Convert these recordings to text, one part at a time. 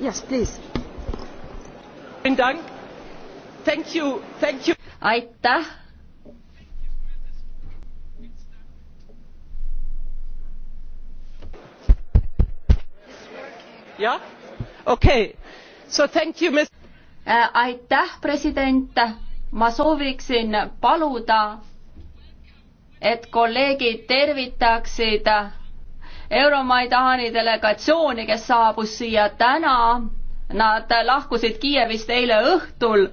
Yes, please. Thank you, thank you. aitäh. jah, okei okay., so thank you, mis. Äh, aitäh, president, ma sooviksin paluda, et kolleegid tervitaksid Euromaidani delegatsiooni, kes saabus siia täna. Nad lahkusid Kiievist eile õhtul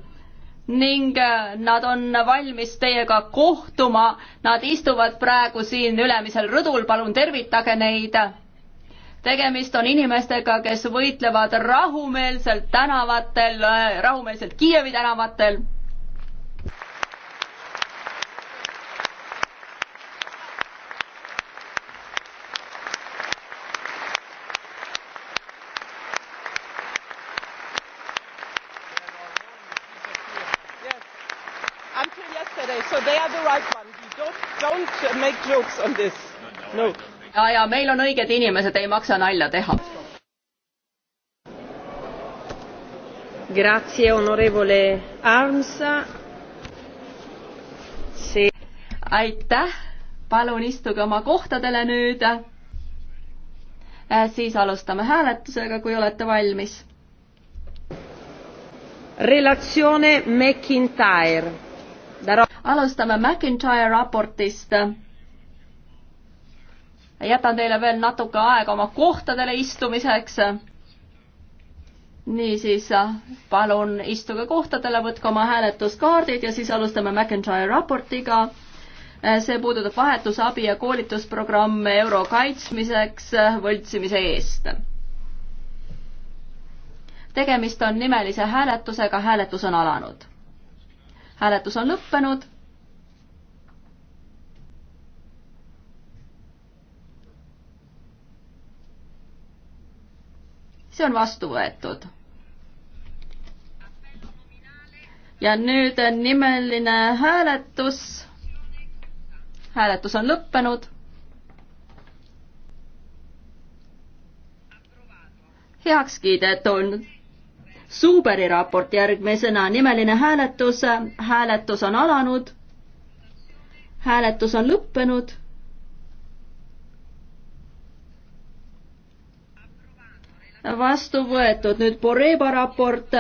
ning äh, nad on valmis teiega kohtuma. Nad istuvad praegu siin ülemisel rõdul, palun tervitage neid. tegemist on inimestega, kes võitlevad rahumeelselt tänavatel, äh, rahumeelselt Kiievi tänavatel jokes on this. No. ja, ja meil on õiged inimesed, ei maksa nalja teha. Grazie, onorevole Arms. see. aitäh, palun istuge oma kohtadele nüüd. Äh, siis alustame hääletusega, kui olete valmis. Relatsioone McIntyre alustame McIntyre raportist jätan teile veel natuke aega oma kohtadele istumiseks. niisiis, palun istuge kohtadele, võtke oma hääletuskaardid ja siis alustame McIntyre raportiga. see puudutab vahetusabi ja koolitusprogramme euro kaitsmiseks võltsimise eest. tegemist on nimelise hääletusega, hääletus on alanud. hääletus on lõppenud see on vastu võetud. ja nüüd nimeline hääletus. hääletus on lõppenud. heaks kiidetud. Suuberi raport järgmisena, nimeline hääletus, hääletus on alanud, hääletus on lõppenud vastu võetud. nüüd Poreba raport,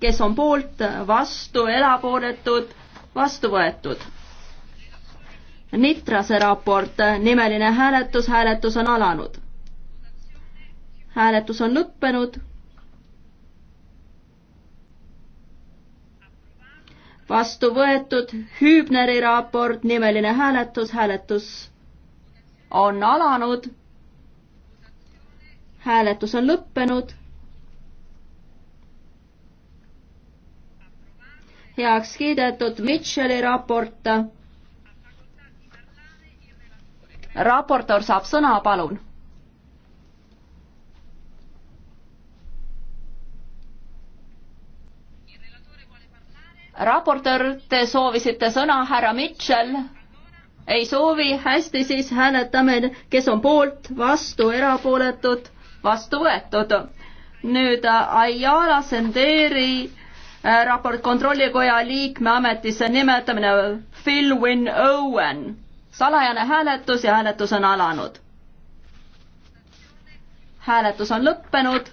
kes on poolt, vastu, erapooletud, vastu võetud. Nitrase raport, nimeline hääletus, hääletus on alanud. hääletus on lõppenud. vastu võetud Hübneri raport, nimeline hääletus, hääletus on alanud hääletus on lõppenud. heaks kiidetud Mitchell'i raport. raportor saab sõna, palun raportöör, te soovisite sõna, härra Mitchell? ei soovi, hästi, siis hääletame, kes on poolt, vastu, erapooletud vastu võetud. nüüd äh, Ayala Senderi äh, raport kontrollikoja liikme ametisse nimetamine Phil Wynne Owen. salajane hääletus ja hääletus on alanud. hääletus on lõppenud.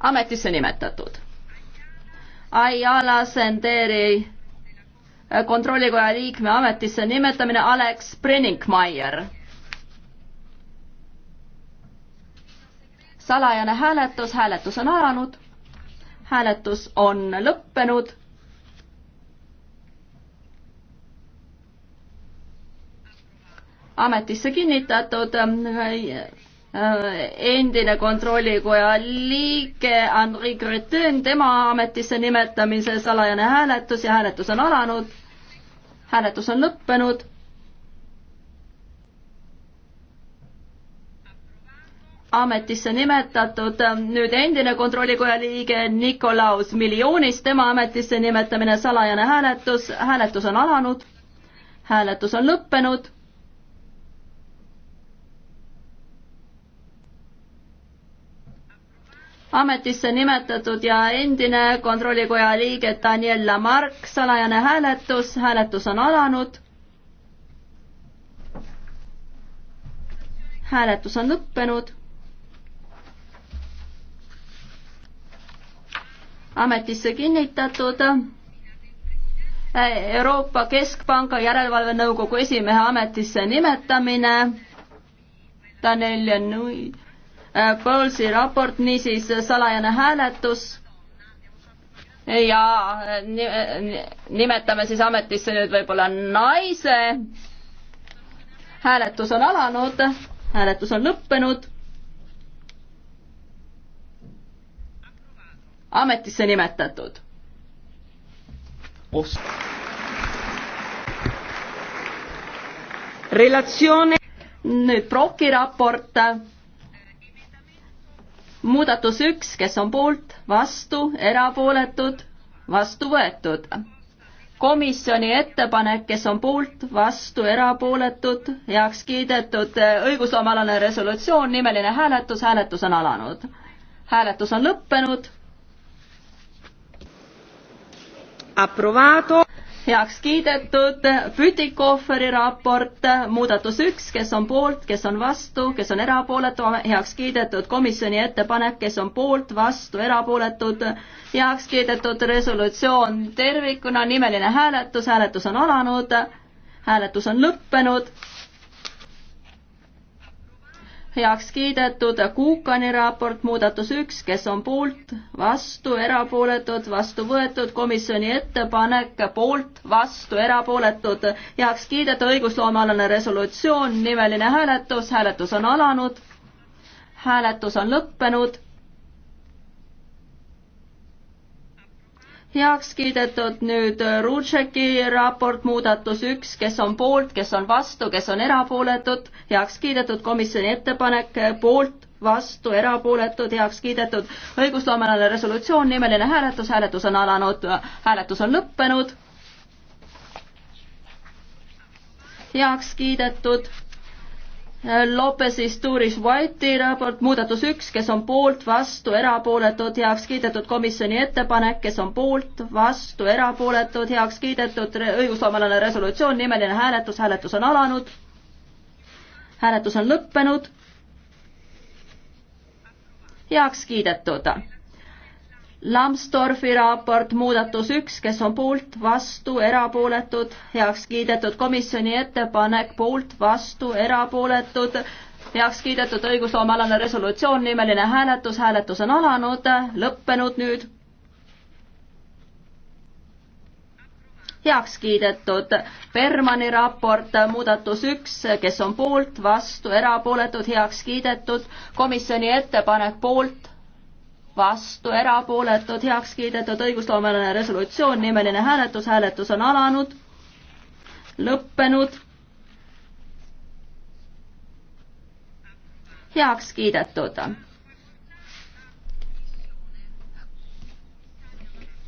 ametisse nimetatud. Ayala Senderi kontrollikoja liikme ametisse nimetamine Alex Brenningmeier. salajane hääletus, hääletus on alanud, hääletus on lõppenud. ametisse kinnitatud Äh, endine kontrollikoja liige Henri Gretin, tema ametisse nimetamise salajane hääletus ja hääletus on alanud. hääletus on lõppenud. ametisse nimetatud äh, nüüd endine kontrollikoja liige Nikolaus Miljonis, tema ametisse nimetamine salajane hääletus, hääletus on alanud. hääletus on lõppenud ametisse nimetatud ja endine kontrollikoja liige Daniela Mark, salajane hääletus, hääletus on alanud. hääletus on lõppenud. ametisse kinnitatud Euroopa Keskpanga Järelevalvenõukogu esimehe ametisse nimetamine Daniel Janui Paulsi raport, niisiis salajane hääletus ja nimetame siis ametisse nüüd võib-olla naise. hääletus on alanud, hääletus on lõppenud. ametisse nimetatud. relatsioone. nüüd Proki raport muudatus üks, kes on poolt, vastu, erapooletud, vastu võetud. komisjoni ettepanek, kes on poolt, vastu, erapooletud, heaks kiidetud, äh, õigusloomealane resolutsioon, nimeline hääletus, hääletus on alanud. hääletus on lõppenud. Approvato heaks kiidetud, Pütikoferi raport, muudatus üks, kes on poolt, kes on vastu, kes on erapooletu, heaks kiidetud, komisjoni ettepanek, kes on poolt, vastu, erapooletud, heaks kiidetud, resolutsioon tervikuna, nimeline hääletus, hääletus on alanud, hääletus on lõppenud heaks kiidetud Kuukani raport, muudatus üks, kes on poolt, vastu, erapooletud, vastu võetud, komisjoni ettepanek, poolt, vastu, erapooletud, heaks kiidetud, õigusloomealane resolutsioon, nimeline hääletus, hääletus on alanud, hääletus on lõppenud heaks kiidetud nüüd äh, Rutšeki raport, muudatus üks, kes on poolt, kes on vastu, kes on erapooletud, heaks kiidetud komisjoni ettepanek, äh, poolt, vastu, erapooletud, heaks kiidetud õigusloomeline resolutsioon, nimeline hääletus, hääletus on alanud, hääletus on lõppenud, heaks kiidetud Äh, Lopez Isturis White'i raport, muudatus üks, kes on poolt, vastu, erapooletud, heaks kiidetud komisjoni ettepanek, kes on poolt, vastu, erapooletud, heaks kiidetud õigusloomalane resolutsioon, nimeline hääletus, hääletus on alanud. hääletus on lõppenud. heaks kiidetud Lambsdorfi raport, muudatus üks, kes on poolt, vastu, erapooletud, heaks kiidetud komisjoni ettepanek, poolt, vastu, erapooletud, heaks kiidetud õigusloomealane resolutsioon, nimeline hääletus, hääletus on alanud, lõppenud nüüd. heaks kiidetud Bermani raport, muudatus üks, kes on poolt, vastu, erapooletud, heaks kiidetud, komisjoni ettepanek poolt vastu, erapooletud, heaks kiidetud, õigusloomeline resolutsioon, nimeline hääletus, hääletus on alanud, lõppenud, heaks kiidetud.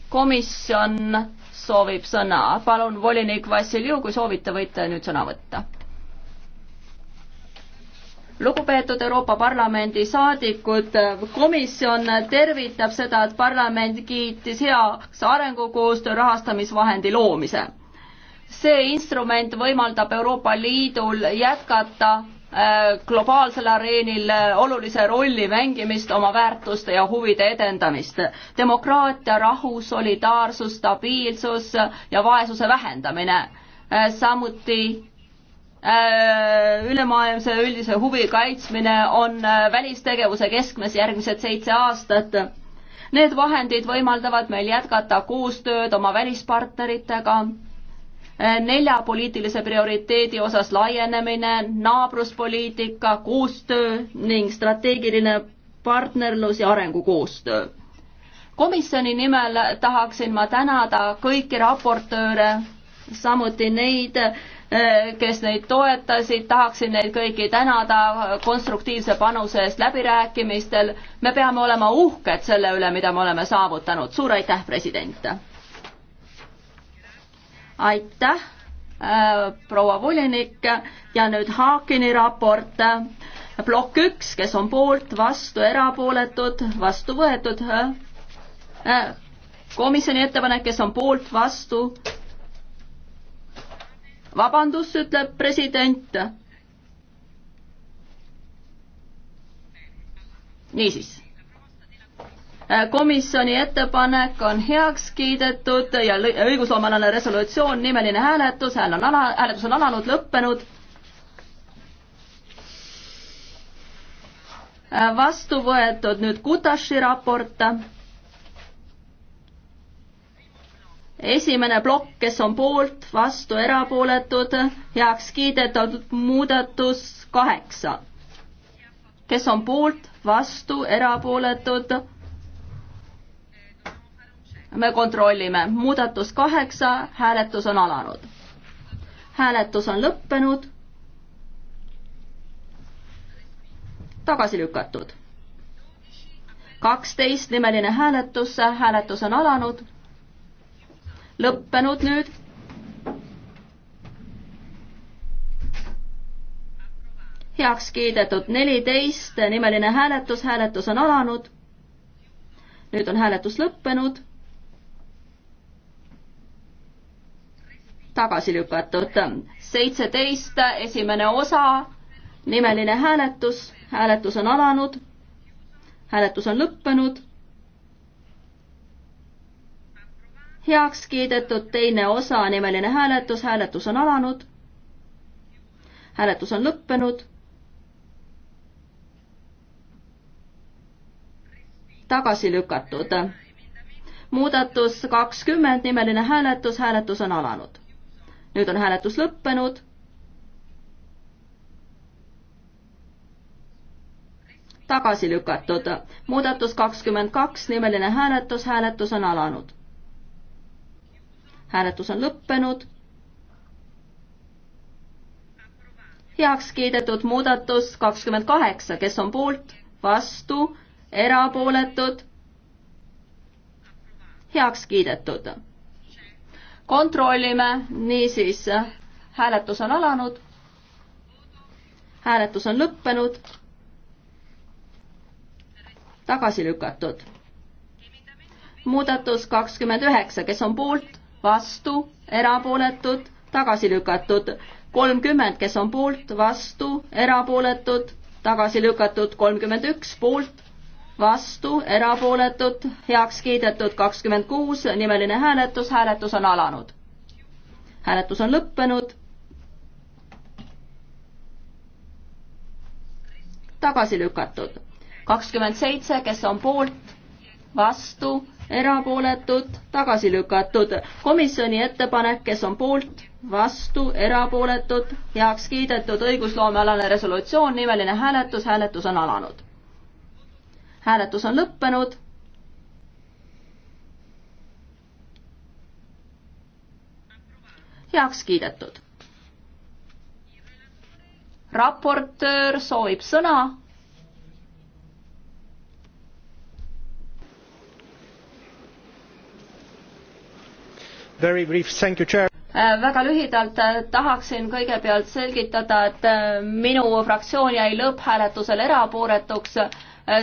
komisjon soovib sõna, palun, volinik Vassiljev, kui soovite, võite nüüd sõna võtta lugupeetud Euroopa Parlamendi saadikud, komisjon tervitab seda, et parlament kiitis heaks arengukoostöö rahastamisvahendi loomise. see instrument võimaldab Euroopa Liidul jätkata äh, globaalsel areenil olulise rolli mängimist, oma väärtuste ja huvide edendamist. demokraatia, rahu, solidaarsus, stabiilsus ja vaesuse vähendamine. Äh, samuti Äh, ülemaailmse üldise huvi kaitsmine on äh, välistegevuse keskmes järgmised seitse aastat. Need vahendid võimaldavad meil jätkata koostööd oma välispartneritega, äh, nelja poliitilise prioriteedi osas laienemine, naabruspoliitika, koostöö ning strateegiline partnerlus ja arengukoostöö. komisjoni nimel tahaksin ma tänada kõiki raportööre, samuti neid, Äh, kes neid toetasid, tahaksin neid kõiki tänada konstruktiivse panuse eest läbirääkimistel. me peame olema uhked selle üle, mida me oleme saavutanud. suur aitäh, president! aitäh, äh, proua volinik ja nüüd Haakini raport plokk üks, kes on poolt, vastu, erapooletud, vastu võetud. Äh, komisjoni ettepanek, kes on poolt, vastu, vabandust, ütleb president. niisiis, komisjoni ettepanek on heaks kiidetud ja õigusloomealane resolutsioon, nimeline hääletus, hääl on ala, hääletus on alanud, lõppenud vastu võetud nüüd Kutaši raport esimene plokk, kes on poolt, vastu, erapooletud, heaks kiidetud muudatus kaheksa. kes on poolt, vastu, erapooletud? me kontrollime, muudatus kaheksa, hääletus on alanud. hääletus on lõppenud. tagasi lükatud. kaksteist nimeline hääletus, hääletus on alanud lõppenud nüüd. heaks kiidetud neliteist, nimeline hääletus, hääletus on alanud. nüüd on hääletus lõppenud. tagasi lükatud seitseteist, esimene osa, nimeline hääletus, hääletus on alanud. hääletus on lõppenud heaks kiidetud teine osa nimeline hääletus, hääletus on alanud. hääletus on lõppenud. tagasi lükatud. muudatus kakskümmend, nimeline hääletus, hääletus on alanud. nüüd on hääletus lõppenud. tagasi lükatud. muudatus kakskümmend kaks, nimeline hääletus, hääletus on alanud hääletus on lõppenud. heaks kiidetud muudatus kakskümmend kaheksa, kes on poolt, vastu, erapooletud, heaks kiidetud. kontrollime, niisiis hääletus on alanud. hääletus on lõppenud. tagasi lükatud. muudatus kakskümmend üheksa, kes on poolt, vastu, erapooletud, tagasi lükatud. kolmkümmend, kes on poolt, vastu, erapooletud, tagasi lükatud. kolmkümmend üks, poolt, vastu, erapooletud, heaks kiidetud. kakskümmend kuus, nimeline hääletus, hääletus on alanud. hääletus on lõppenud. tagasi lükatud. kakskümmend seitse, kes on poolt, vastu erapooletud, tagasi lükatud. komisjoni ettepanek, kes on poolt, vastu, erapooletud, heaks kiidetud õigusloomealane resolutsioon, nimeline hääletus, hääletus on alanud. hääletus on lõppenud. heaks kiidetud. raportöör soovib sõna Äh, väga lühidalt äh, tahaksin kõigepealt selgitada, et äh, minu fraktsioon jäi lõpphääletusel erapooletuks,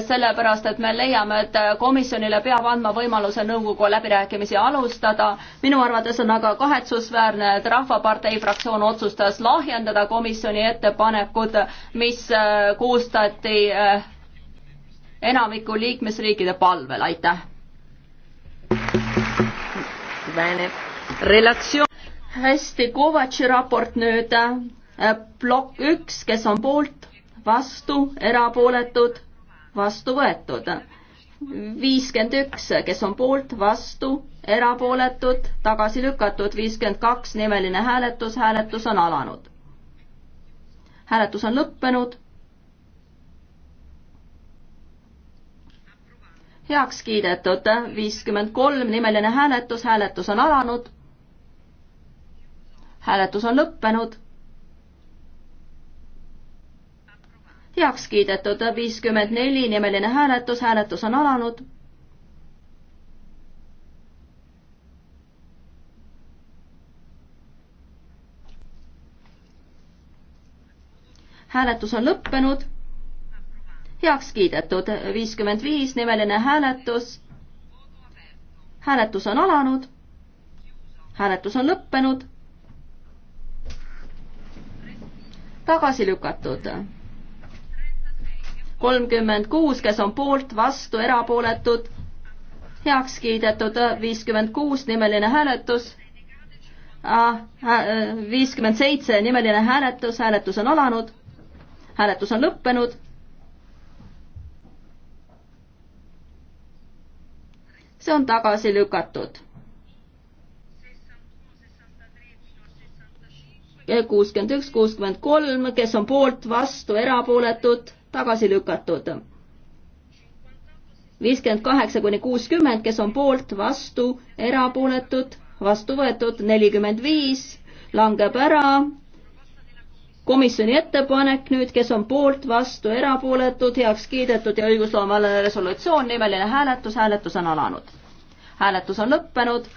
sellepärast et me leiame, et komisjonile peab andma võimaluse nõukogu läbirääkimisi alustada. minu arvates on aga kahetsusväärne, et Rahvapartei fraktsioon otsustas lahjendada komisjoni ettepanekud, mis koostati enamiku liikmesriikide palvel, aitäh. Relatsioon... hästi, Kovatši raport nüüd, äh, plokk üks, kes on poolt, vastu, erapooletud, vastu võetud. viiskümmend üks, kes on poolt, vastu, erapooletud, tagasi lükatud, viiskümmend kaks, nimeline hääletus, hääletus on alanud. hääletus on lõppenud heaks kiidetud, viiskümmend kolm nimeline hääletus, hääletus on alanud. hääletus on lõppenud. heaks kiidetud, viiskümmend neli nimeline hääletus, hääletus on alanud. hääletus on lõppenud heaks kiidetud, viiskümmend viis nimeline hääletus. hääletus on alanud. hääletus on lõppenud. tagasi lükatud. kolmkümmend kuus, kes on poolt, vastu, erapooletud, heaks kiidetud, viiskümmend kuus nimeline hääletus. Ah, viiskümmend seitse nimeline hääletus, hääletus on alanud. hääletus on lõppenud see on tagasi lükatud. kuuskümmend üks, kuuskümmend kolm, kes on poolt, vastu, erapooletud, tagasi lükatud. viiskümmend kaheksa kuni kuuskümmend, kes on poolt, vastu, erapooletud, vastu võetud, nelikümmend viis, langeb ära komisjoni ettepanek nüüd, kes on poolt, vastu, erapooletud, heaks kiidetud ja õigusloomale resolutsioon, nimeline hääletus, hääletus on alanud. hääletus on lõppenud.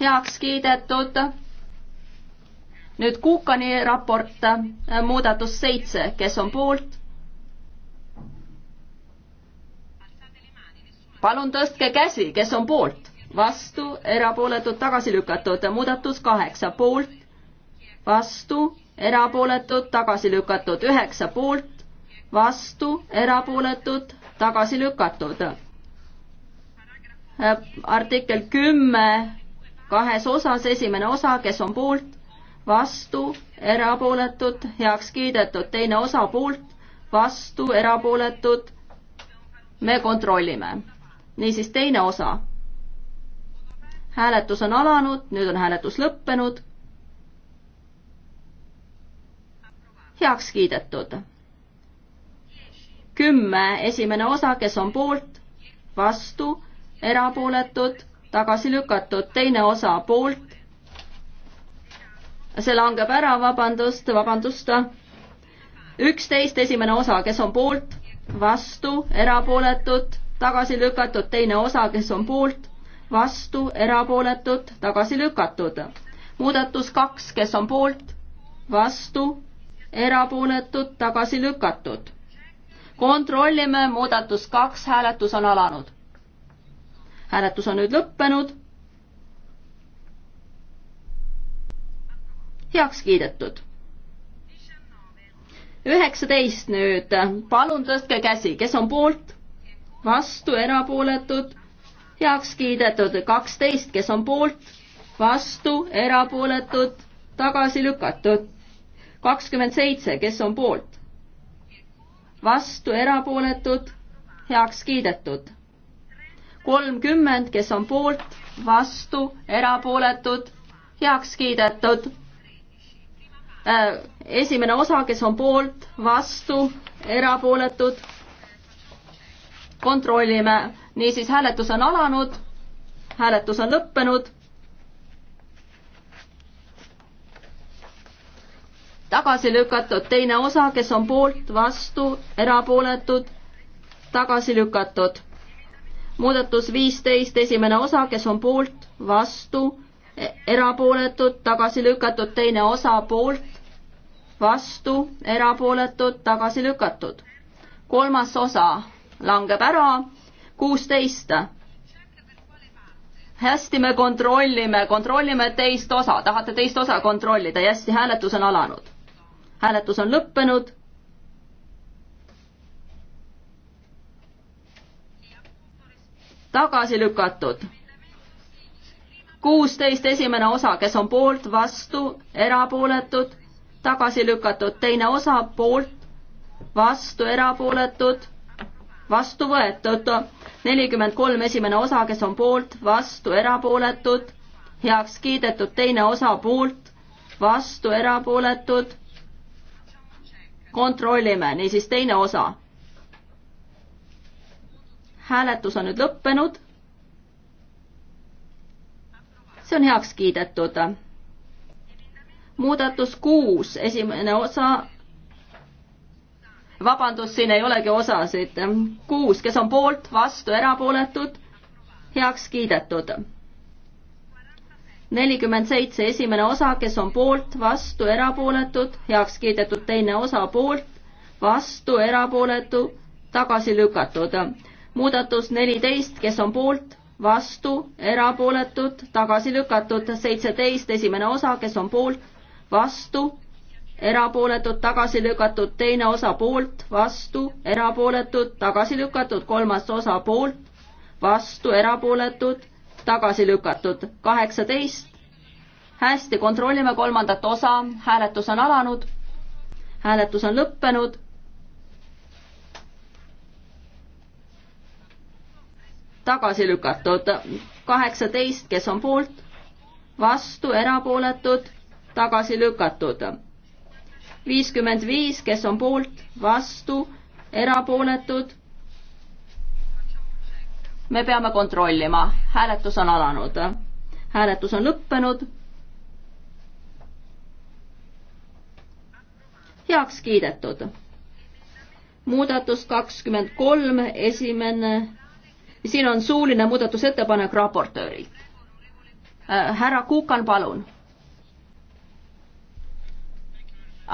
heaks kiidetud. nüüd Kuukani raport, äh, muudatus seitse, kes on poolt? palun tõstke käsi, kes on poolt vastu, erapooletud, tagasi lükatud, muudatus kaheksa poolt, vastu, erapooletud, tagasi lükatud, üheksa poolt, vastu, erapooletud, tagasi lükatud. Äh, artikkel kümme kahes osas, esimene osa, kes on poolt, vastu, erapooletud, heaks kiidetud, teine osa poolt, vastu, erapooletud, me kontrollime. niisiis, teine osa hääletus on alanud, nüüd on hääletus lõppenud. heaks kiidetud. kümme, esimene osa, kes on poolt, vastu, erapooletud, tagasi lükatud, teine osa poolt. see langeb ära, vabandust, vabandust. üksteist, esimene osa, kes on poolt, vastu, erapooletud, tagasi lükatud, teine osa, kes on poolt vastu, erapooletud, tagasi lükatud. muudatus kaks, kes on poolt, vastu, erapooletud, tagasi lükatud. kontrollime, muudatus kaks, hääletus on alanud. hääletus on nüüd lõppenud. heaks kiidetud. üheksateist nüüd, palun tõstke käsi, kes on poolt, vastu, erapooletud heaks kiidetud kaksteist, kes on poolt, vastu, erapooletud, tagasi lükatud. kakskümmend seitse, kes on poolt, vastu, erapooletud, heaks kiidetud. kolmkümmend, kes on poolt, vastu, erapooletud, heaks kiidetud. Äh, esimene osa, kes on poolt, vastu, erapooletud kontrollime. niisiis, hääletus on alanud, hääletus on lõppenud. tagasi lükatud teine osa, kes on poolt, vastu, erapooletud, tagasi lükatud. muudatus viisteist, esimene osa, kes on poolt, vastu, e-, erapooletud, tagasi lükatud, teine osa poolt, vastu, erapooletud, tagasi lükatud. kolmas osa langeb ära, kuusteist. hästi, me kontrollime, kontrollime teist osa, tahate teist osa kontrollida, hästi, hääletus on alanud. hääletus on lõppenud. tagasi lükatud kuusteist esimene osa, kes on poolt, vastu, erapooletud, tagasi lükatud, teine osa poolt, vastu, erapooletud, vastu võetud. nelikümmend kolm esimene osa, kes on poolt, vastu, erapooletud, heaks kiidetud, teine osa poolt, vastu, erapooletud. kontrollime, niisiis teine osa. hääletus on nüüd lõppenud. see on heaks kiidetud. muudatus kuus, esimene osa vabandust, siin ei olegi osasid. kuus, kes on poolt, vastu, erapooletud, heaks kiidetud. nelikümmend seitse, esimene osa, kes on poolt, vastu, erapooletud, heaks kiidetud, teine osa poolt, vastu, erapooletu, tagasi lükatud. muudatus neliteist, kes on poolt, vastu, erapooletud, tagasi lükatud, seitseteist, esimene osa, kes on poolt, vastu, erapooletud, tagasi lükatud, teine osa poolt, vastu, erapooletud, tagasi lükatud, kolmas osa poolt, vastu, erapooletud, tagasi lükatud, kaheksateist. hästi, kontrollime kolmandat osa, hääletus on alanud, hääletus on lõppenud. tagasi lükatud, kaheksateist, kes on poolt, vastu, erapooletud, tagasi lükatud viiskümmend viis, kes on poolt, vastu, erapooletud. me peame kontrollima, hääletus on alanud. hääletus on lõppenud. heaks kiidetud. muudatus kakskümmend kolm, esimene, siin on suuline muudatusettepanek raportöörilt. Äh, härra Kukan, palun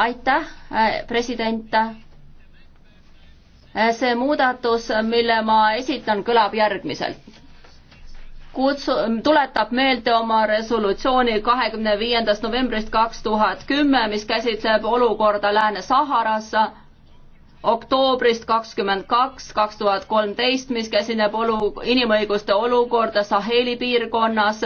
aitäh, äh, president. Äh, see muudatus, mille ma esitan, kõlab järgmiselt. kutsu, tuletab meelde oma resolutsiooni kahekümne viiendast novembrist kaks tuhat kümme, mis käsitleb olukorda Lääne-Saharas oktoobrist kakskümmend kaks, kaks tuhat kolmteist, mis käsineb olu, inimõiguste olukorda Saheli piirkonnas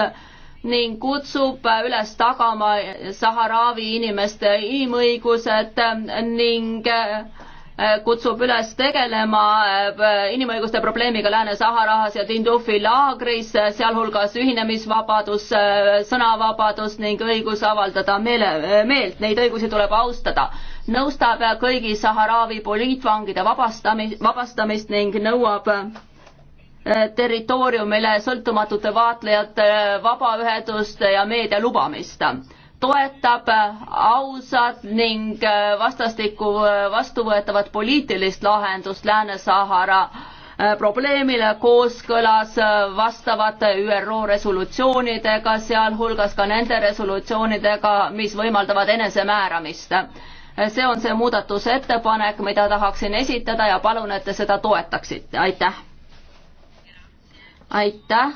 ning kutsub üles tagama Saharaavi inimeste inimõigused ning äh, kutsub üles tegelema äh, inimõiguste probleemiga Lääne-Saharas ja Tindufi laagris, sealhulgas ühinemisvabadus, äh, sõnavabadus ning õigus avaldada meele, meelt, neid õigusi tuleb austada. nõustab kõigi Saharaavi poliitvangide vabastamis, vabastamist ning nõuab Äh, territooriumile sõltumatute vaatlejate, äh, vabaühenduste ja meedia lubamist. toetab äh, ausat ning vastastikku vastuvõetavat poliitilist lahendust Lääne-Sahara probleemile kooskõlas vastavate ÜRO resolutsioonidega, sealhulgas ka nende resolutsioonidega, mis võimaldavad enesemääramist. see on see muudatusettepanek, mida tahaksin esitada ja palun, et te seda toetaksite, aitäh aitäh.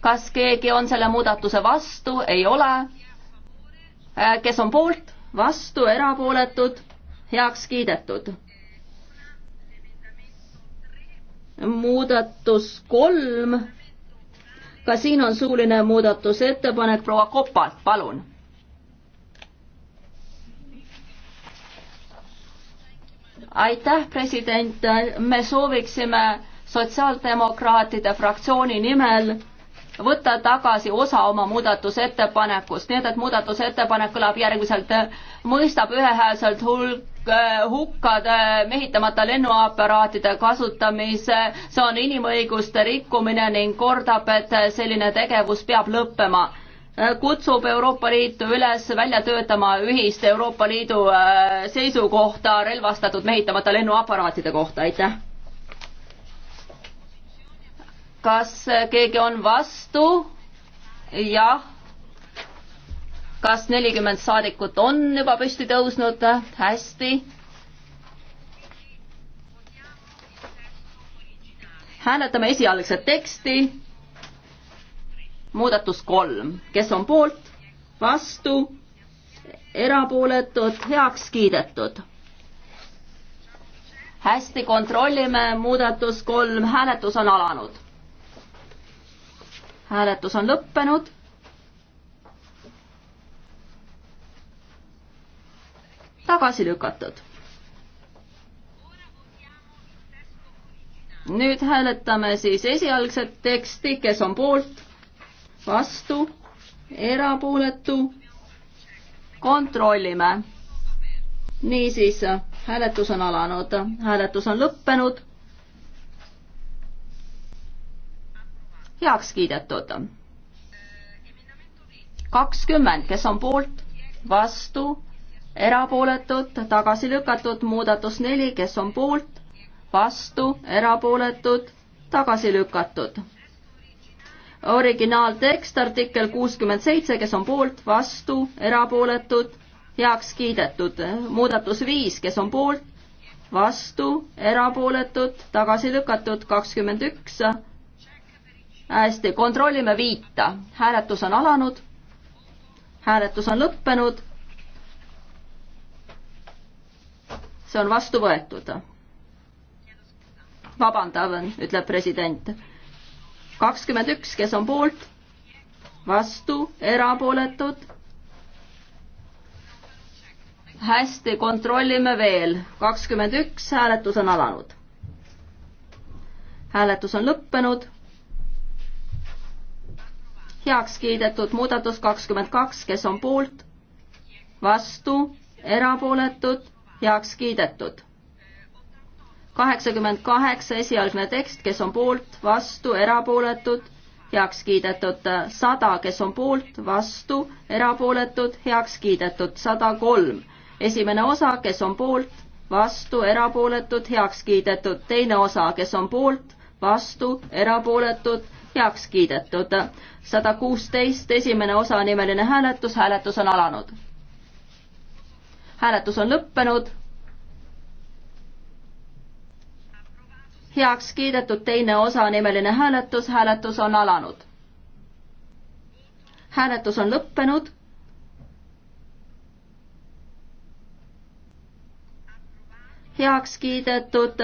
kas keegi on selle muudatuse vastu? ei ole. Äh, kes on poolt, vastu, erapooletud, heaks kiidetud? muudatus kolm. ka siin on suuline muudatusettepanek proua Kopalt, palun. aitäh, president, me sooviksime sotsiaaldemokraatide fraktsiooni nimel võtta tagasi osa oma muudatusettepanekust, nii et, et muudatusettepanek kõlab järgmiselt, mõistab ühehäälselt hulk äh, hukkade äh, mehitamata lennuaparaatide kasutamise, see on inimõiguste rikkumine ning kordab, et selline tegevus peab lõppema äh, kutsub Euroopa Liitu üles välja töötama ühist Euroopa Liidu seisukohta relvastatud mehitamata lennuaparaatide kohta, aitäh! kas keegi on vastu? jah. kas nelikümmend saadikut on juba püsti tõusnud? hästi. hääletame esialgset teksti. muudatus kolm, kes on poolt, vastu, erapooletud, heaks kiidetud hästi, kontrollime, muudatus kolm, hääletus on alanud hääletus on lõppenud. tagasi lükatud. nüüd hääletame siis esialgset teksti, kes on poolt, vastu, erapooletu. kontrollime. niisiis, hääletus on alanud, hääletus on lõppenud heaks kiidetud. kakskümmend, kes on poolt, vastu, erapooletud, tagasi lükatud, muudatus neli, kes on poolt, vastu, erapooletud, tagasi lükatud. originaaltekst artikkel kuuskümmend seitse, kes on poolt, vastu, erapooletud, heaks kiidetud. muudatus viis, kes on poolt, vastu, erapooletud, tagasi lükatud, kakskümmend üks hästi, kontrollime viita. hääletus on alanud. hääletus on lõppenud. see on vastu võetud. vabandan, ütleb president. kakskümmend üks, kes on poolt, vastu, erapooletud. hästi, kontrollime veel. kakskümmend üks, hääletus on alanud. hääletus on lõppenud heaks kiidetud muudatus kakskümmend kaks, kes on poolt, vastu, erapooletud, heaks kiidetud. kaheksakümmend kaheksa, esialgne tekst, kes on poolt, vastu, erapooletud, heaks kiidetud. sada, kes on poolt, vastu, erapooletud, heaks kiidetud. sada kolm, esimene osa, kes on poolt, vastu, erapooletud, heaks kiidetud. teine osa, kes on poolt, vastu, erapooletud heaks kiidetud. sada kuusteist, esimene osanimeline hääletus, hääletus on alanud. hääletus on lõppenud. heaks kiidetud teine osanimeline hääletus, hääletus on alanud. hääletus on lõppenud heaks kiidetud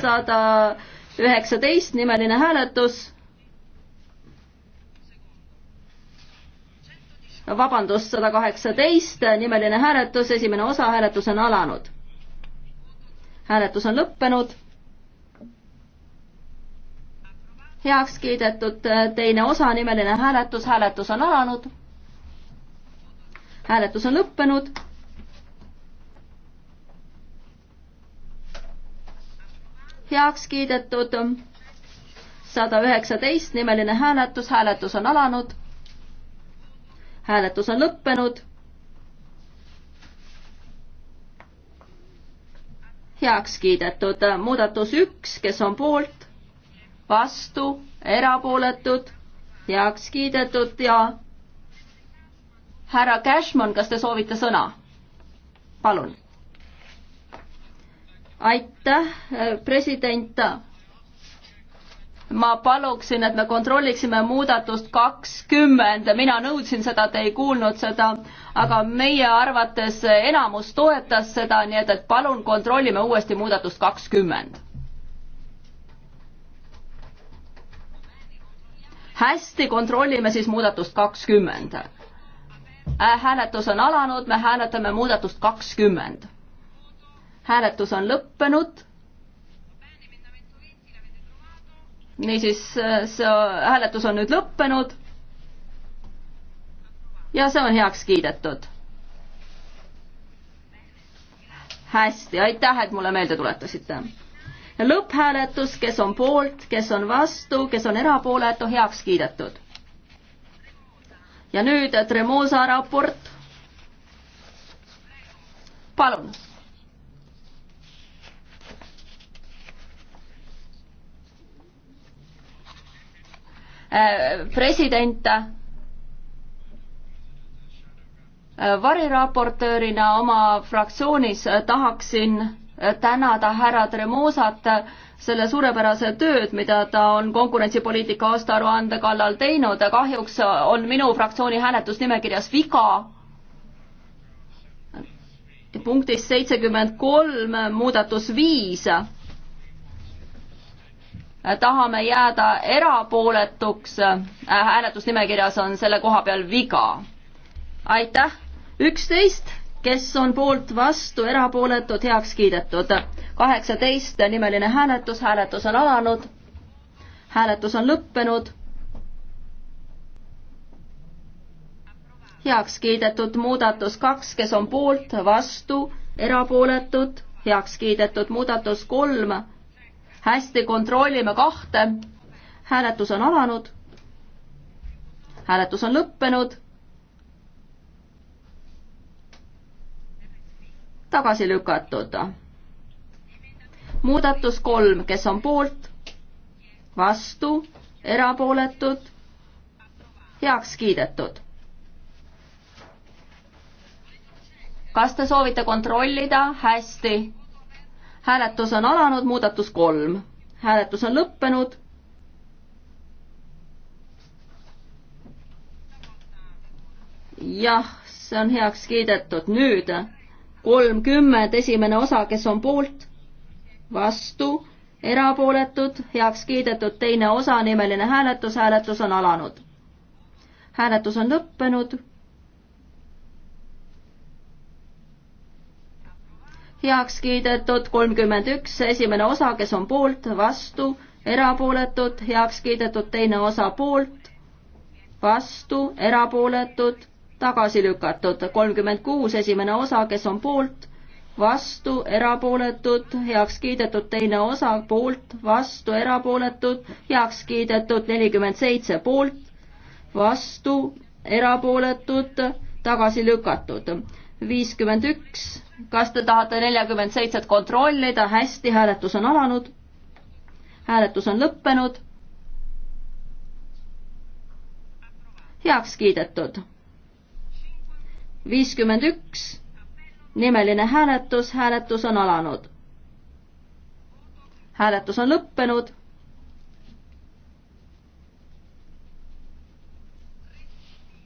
sada üheksateist nimeline hääletus. vabandust, sada kaheksateist, nimeline hääletus, esimene osa, hääletus on alanud. hääletus on lõppenud. heaks kiidetud teine osa, nimeline hääletus, hääletus on alanud. hääletus on lõppenud. heaks kiidetud sada üheksateist, nimeline hääletus, hääletus on alanud hääletus on lõppenud. heaks kiidetud muudatus üks, kes on poolt, vastu, erapooletud, heaks kiidetud ja härra Cashman, kas te soovite sõna? palun. aitäh, president ma paluksin, et me kontrolliksime muudatust kakskümmend, mina nõudsin seda, te ei kuulnud seda, aga meie arvates enamus toetas seda, nii et, et palun kontrollime uuesti muudatust kakskümmend. hästi, kontrollime siis muudatust kakskümmend. Äh, hääletus on alanud, me hääletame muudatust kakskümmend. hääletus on lõppenud niisiis, see hääletus on nüüd lõppenud. ja see on heaks kiidetud. hästi, aitäh, et mulle meelde tuletasite. lõpphääletus, kes on poolt, kes on vastu, kes on erapooletu, heaks kiidetud. ja nüüd Tremosa raport. palun Äh, president äh, variraportöörina oma fraktsioonis äh, tahaksin tänada härra Tremosat selle suurepärase tööd, mida ta on konkurentsipoliitika aastaaruande kallal teinud. kahjuks on minu fraktsiooni hääletusnimekirjas viga. punktis seitsekümmend kolm, muudatus viis tahame jääda erapooletuks, äh, hääletusnimekirjas on selle koha peal viga. aitäh, üksteist, kes on poolt, vastu, erapooletud, heaks kiidetud. kaheksateist nimeline hääletus, hääletus on alanud, hääletus on lõppenud. heaks kiidetud muudatus kaks, kes on poolt, vastu, erapooletud, heaks kiidetud muudatus kolm hästi, kontrollime kahte. hääletus on alanud. hääletus on lõppenud. tagasi lükatud. muudatus kolm, kes on poolt, vastu, erapooletud, heaks kiidetud kas te soovite kontrollida? hästi hääletus on alanud, muudatus kolm. hääletus on lõppenud. jah, see on heaks kiidetud. nüüd kolmkümmend, esimene osa, kes on poolt, vastu, erapooletud, heaks kiidetud, teine osa, nimeline hääletus, hääletus on alanud. hääletus on lõppenud heaks kiidetud kolmkümmend üks, esimene osa, kes on poolt, vastu, erapooletud, heaks kiidetud teine osa poolt, vastu, erapooletud, tagasi lükatud, kolmkümmend kuus, esimene osa, kes on poolt, vastu, erapooletud, heaks kiidetud teine osa poolt, vastu, erapooletud, heaks kiidetud nelikümmend seitse poolt, vastu, erapooletud, tagasi lükatud, viiskümmend üks kas te tahate neljakümmend seitset kontrollida, hästi, hääletus on alanud. hääletus on lõppenud. heaks kiidetud. viiskümmend üks, nimeline hääletus, hääletus on alanud. hääletus on lõppenud.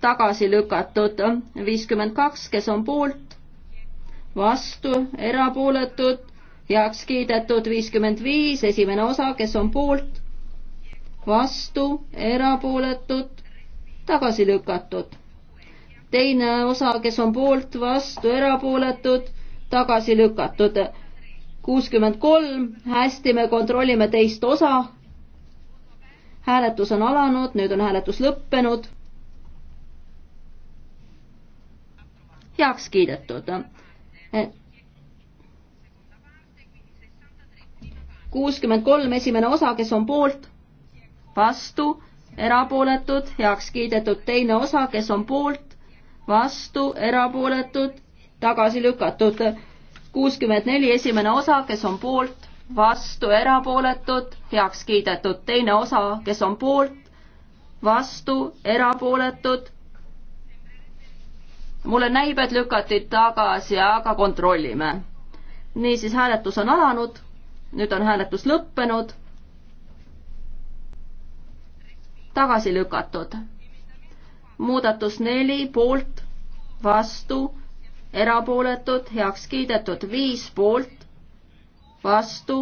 tagasi lükatud viiskümmend kaks, kes on poolt, vastu, erapooletud, heaks kiidetud viiskümmend viis, esimene osa, kes on poolt, vastu, erapooletud, tagasi lükatud. teine osa, kes on poolt, vastu, erapooletud, tagasi lükatud. kuuskümmend kolm, hästi, me kontrollime teist osa. hääletus on alanud, nüüd on hääletus lõppenud. heaks kiidetud kuuskümmend kolm esimene osa, kes on poolt, vastu, erapooletud, heaks kiidetud, teine osa, kes on poolt, vastu, erapooletud, tagasi lükatud. kuuskümmend neli esimene osa, kes on poolt, vastu, erapooletud, heaks kiidetud, teine osa, kes on poolt, vastu, erapooletud, mulle näib, et lükati tagasi, aga kontrollime. niisiis, hääletus on alanud, nüüd on hääletus lõppenud. tagasi lükatud. muudatus neli poolt, vastu, erapooletud, heaks kiidetud, viis poolt, vastu,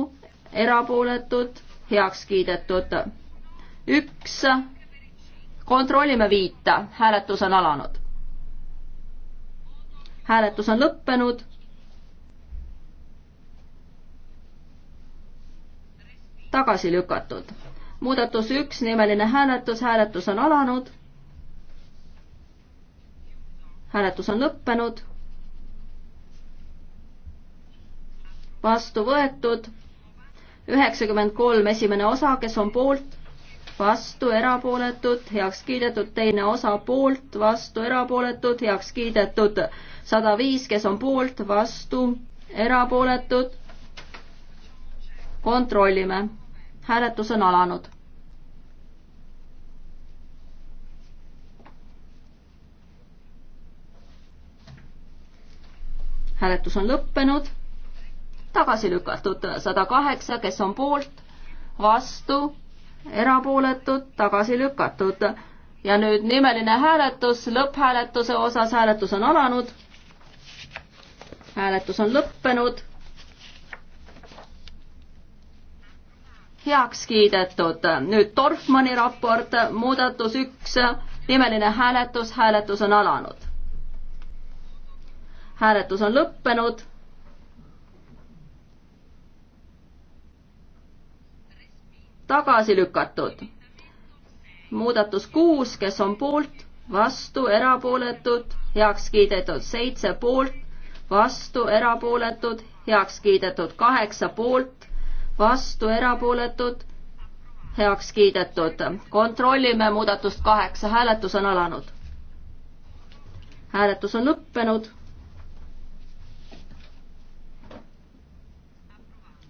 erapooletud, heaks kiidetud. üks, kontrollime viita, hääletus on alanud hääletus on lõppenud. tagasi lükatud. muudatus üks, nimeline hääletus, hääletus on alanud. hääletus on lõppenud. vastu võetud üheksakümmend kolm, esimene osa, kes on poolt vastu erapooletud, heaks kiidetud, teine osa poolt, vastu erapooletud, heaks kiidetud, sada viis, kes on poolt, vastu erapooletud. kontrollime, hääletus on alanud. hääletus on lõppenud, tagasi lükatud sada kaheksa, kes on poolt, vastu erapooletud, tagasi lükatud. ja nüüd nimeline hääletus lõpphääletuse osas, hääletus on alanud. hääletus on lõppenud. heaks kiidetud. nüüd Dorfmanni raport, muudatus üks, nimeline hääletus, hääletus on alanud. hääletus on lõppenud tagasi lükatud. muudatus kuus, kes on poolt, vastu, erapooletud, heaks kiidetud seitse poolt, vastu, erapooletud, heaks kiidetud kaheksa poolt, vastu, erapooletud, heaks kiidetud. kontrollime muudatust kaheksa, hääletus on alanud. hääletus on lõppenud.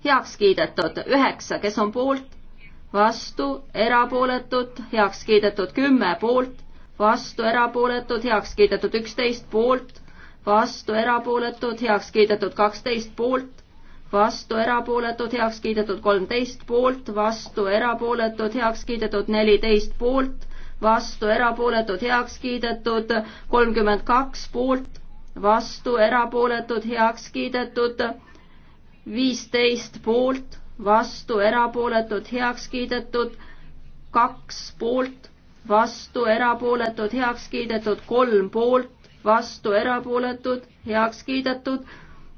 heaks kiidetud üheksa, kes on poolt, vastu, erapooletud, heaks kiidetud kümme poolt, vastu, erapooletud, heaks kiidetud üksteist poolt, vastu, erapooletud, heaks kiidetud kaksteist poolt, vastu, erapooletud, heaks kiidetud kolmteist poolt, vastu, erapooletud, heaks kiidetud neliteist poolt, vastu, erapooletud, heaks kiidetud kolmkümmend kaks poolt, vastu, erapooletud, heaks kiidetud viisteist poolt vastu, erapooletud, heaks kiidetud, kaks poolt, vastu, erapooletud, heaks kiidetud, kolm poolt, vastu, erapooletud, heaks kiidetud,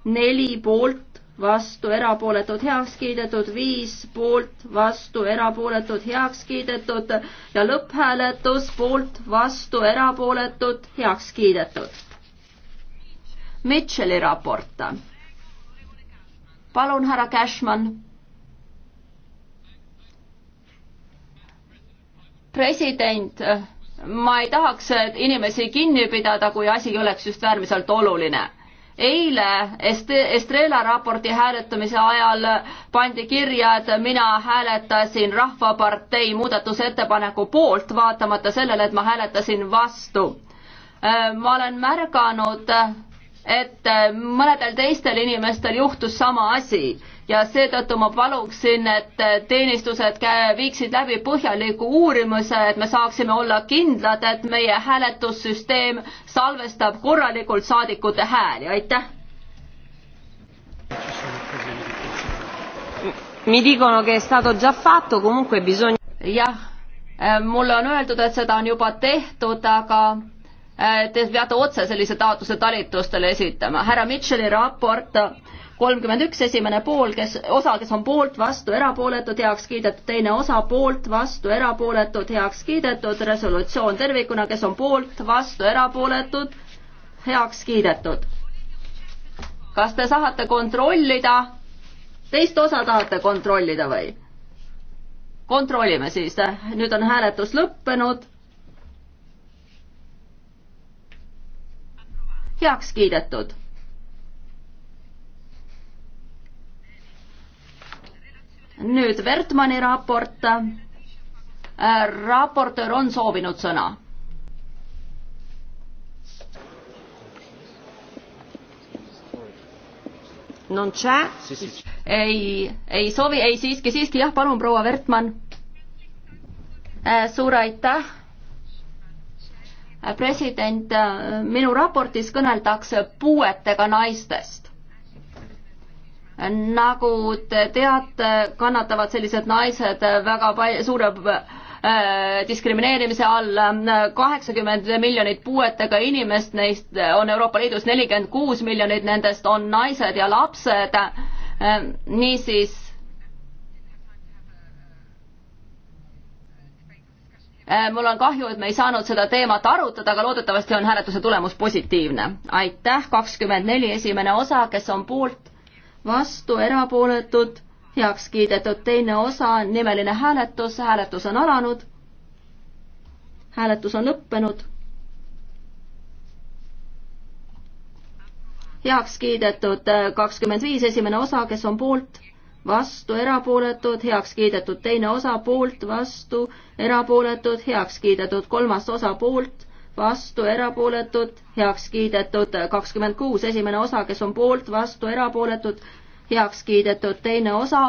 neli poolt, vastu, erapooletud, heaks kiidetud, viis poolt, vastu, erapooletud, heaks kiidetud ja lõpphääletus poolt, vastu, erapooletud, heaks kiidetud. Mitchell'i raport. palun, härra Cashman president, ma ei tahaks inimesi kinni pidada, kui asi oleks just äärmiselt oluline eile Est-, Estrela raporti hääletamise ajal pandi kirja, et mina hääletasin Rahvapartei muudatusettepaneku poolt, vaatamata sellele, et ma hääletasin vastu. ma olen märganud, et mõnedel teistel inimestel juhtus sama asi ja seetõttu ma paluksin, et teenistused viiksid läbi põhjaliku uurimuse, et me saaksime olla kindlad, et meie hääletussüsteem salvestab korralikult saadikute hääli, aitäh. Mi dicono che è stato già fatto, comunque bisogna. jah, eh, mulle on öeldud, et seda on juba tehtud, aga eh, te peate otse sellise taotluse talitustele esitama. härra Mitchell'i raport kolmkümmend üks, esimene pool, kes, osa, kes on poolt, vastu, erapooletud, heaks kiidetud, teine osa poolt, vastu, erapooletud, heaks kiidetud, resolutsioon tervikuna, kes on poolt, vastu, erapooletud, heaks kiidetud. kas te tahate kontrollida, teist osa tahate kontrollida või? kontrollime siis, nüüd on hääletus lõppenud. heaks kiidetud nüüd Wertmanni raport. Äh, raportöör on soovinud sõna. ei, ei soovi, ei siiski, siiski jah, palun, proua Wertmann. Äh, suur aitäh äh, president, minu raportis kõneldakse puuetega naistest nagu te teate, kannatavad sellised naised väga palju, suure äh, diskrimineerimise all. kaheksakümmend miljonit puuetega inimest, neist on Euroopa Liidus nelikümmend kuus miljonit, nendest on naised ja lapsed äh,. niisiis äh,. mul on kahju, et me ei saanud seda teemat arutada, aga loodetavasti on hääletuse tulemus positiivne. aitäh, kakskümmend neli, esimene osa, kes on poolt vastu, erapooletud, heaks kiidetud. teine osa, nimeline hääletus, hääletus on alanud. hääletus on lõppenud. heaks kiidetud äh, kakskümmend viis, esimene osa, kes on poolt vastu, erapooletud, heaks kiidetud, teine osa poolt, vastu, erapooletud, heaks kiidetud, kolmas osa poolt, vastu, erapooletud, heaks kiidetud, kakskümmend kuus, esimene osa, kes on poolt, vastu, erapooletud, heaks kiidetud, teine osa,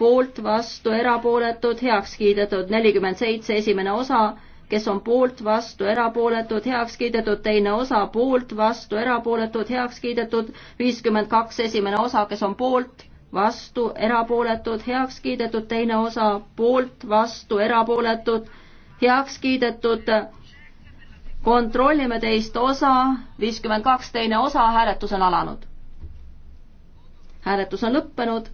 poolt, vastu, erapooletud, heaks kiidetud, nelikümmend seitse, esimene osa, kes on poolt, vastu, erapooletud, heaks kiidetud, teine osa, poolt, vastu, erapooletud, heaks kiidetud, viiskümmend kaks, esimene osa, kes on poolt, vastu, erapooletud, heaks kiidetud, teine osa, poolt, vastu, erapooletud, heaks kiidetud, kontrollime teist osa, viiskümmend kaks teine osa, hääletus on alanud. hääletus on lõppenud.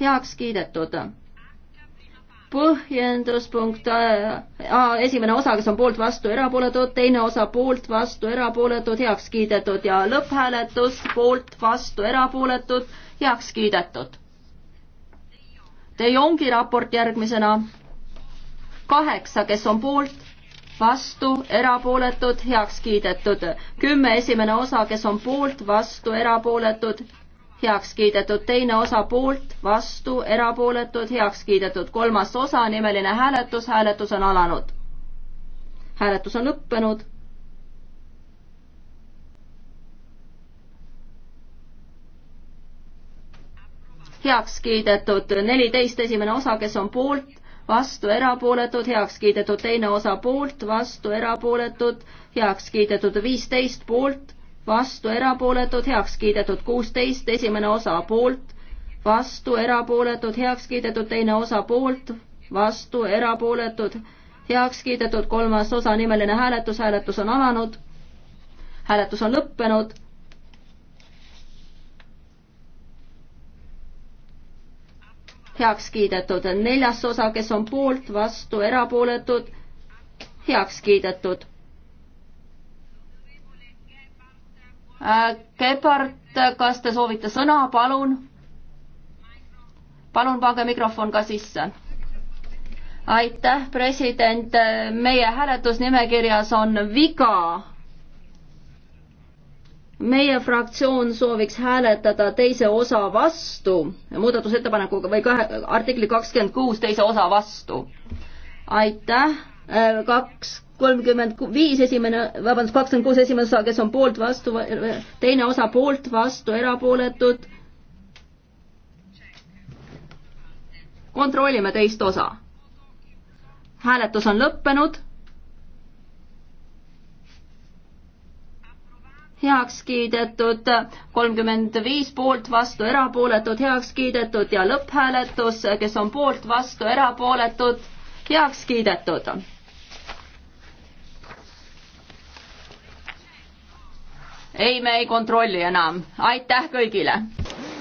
heaks kiidetud. põhjenduspunkt A, äh, äh, esimene osa, kes on poolt, vastu, erapooletud, teine osa poolt, vastu, erapooletud, heaks kiidetud ja lõpphääletus poolt, vastu, erapooletud, heaks kiidetud. Teie ongi raport järgmisena kaheksa, kes on poolt, vastu, erapooletud, heaks kiidetud. kümme esimene osa, kes on poolt, vastu, erapooletud, heaks kiidetud. teine osa poolt, vastu, erapooletud, heaks kiidetud. kolmas osa, nimeline hääletus, hääletus on alanud. hääletus on lõppenud. heaks kiidetud neliteist esimene osa, kes on poolt vastu erapooletud, heaks kiidetud teine osa poolt, vastu erapooletud, heaks kiidetud viisteist poolt, vastu erapooletud, heaks kiidetud kuusteist, esimene osa poolt, vastu erapooletud, heaks kiidetud teine osa poolt, vastu erapooletud, heaks kiidetud kolmas osa, nimeline hääletus, hääletus on alanud, hääletus on lõppenud heaks kiidetud, neljas osa, kes on poolt, vastu, erapooletud, heaks kiidetud. Äh, Gebhard, kas te soovite sõna, palun? palun pange mikrofon ka sisse. aitäh, president, meie hääletusnimekirjas on viga meie fraktsioon sooviks hääletada teise osa vastu, muudatusettepanekuga või kahe, artikli kakskümmend kuus teise osa vastu. aitäh, äh, kaks, kolmkümmend viis esimene, vabandust, kakskümmend kuus esimene osa, kes on poolt vastu, äh, teine osa poolt vastu, erapooletud. kontrollime teist osa. hääletus on lõppenud heaks kiidetud, kolmkümmend viis poolt, vastu, erapooletud, heaks kiidetud ja lõpphääletus, kes on poolt, vastu, erapooletud, heaks kiidetud. ei, me ei kontrolli enam. aitäh kõigile!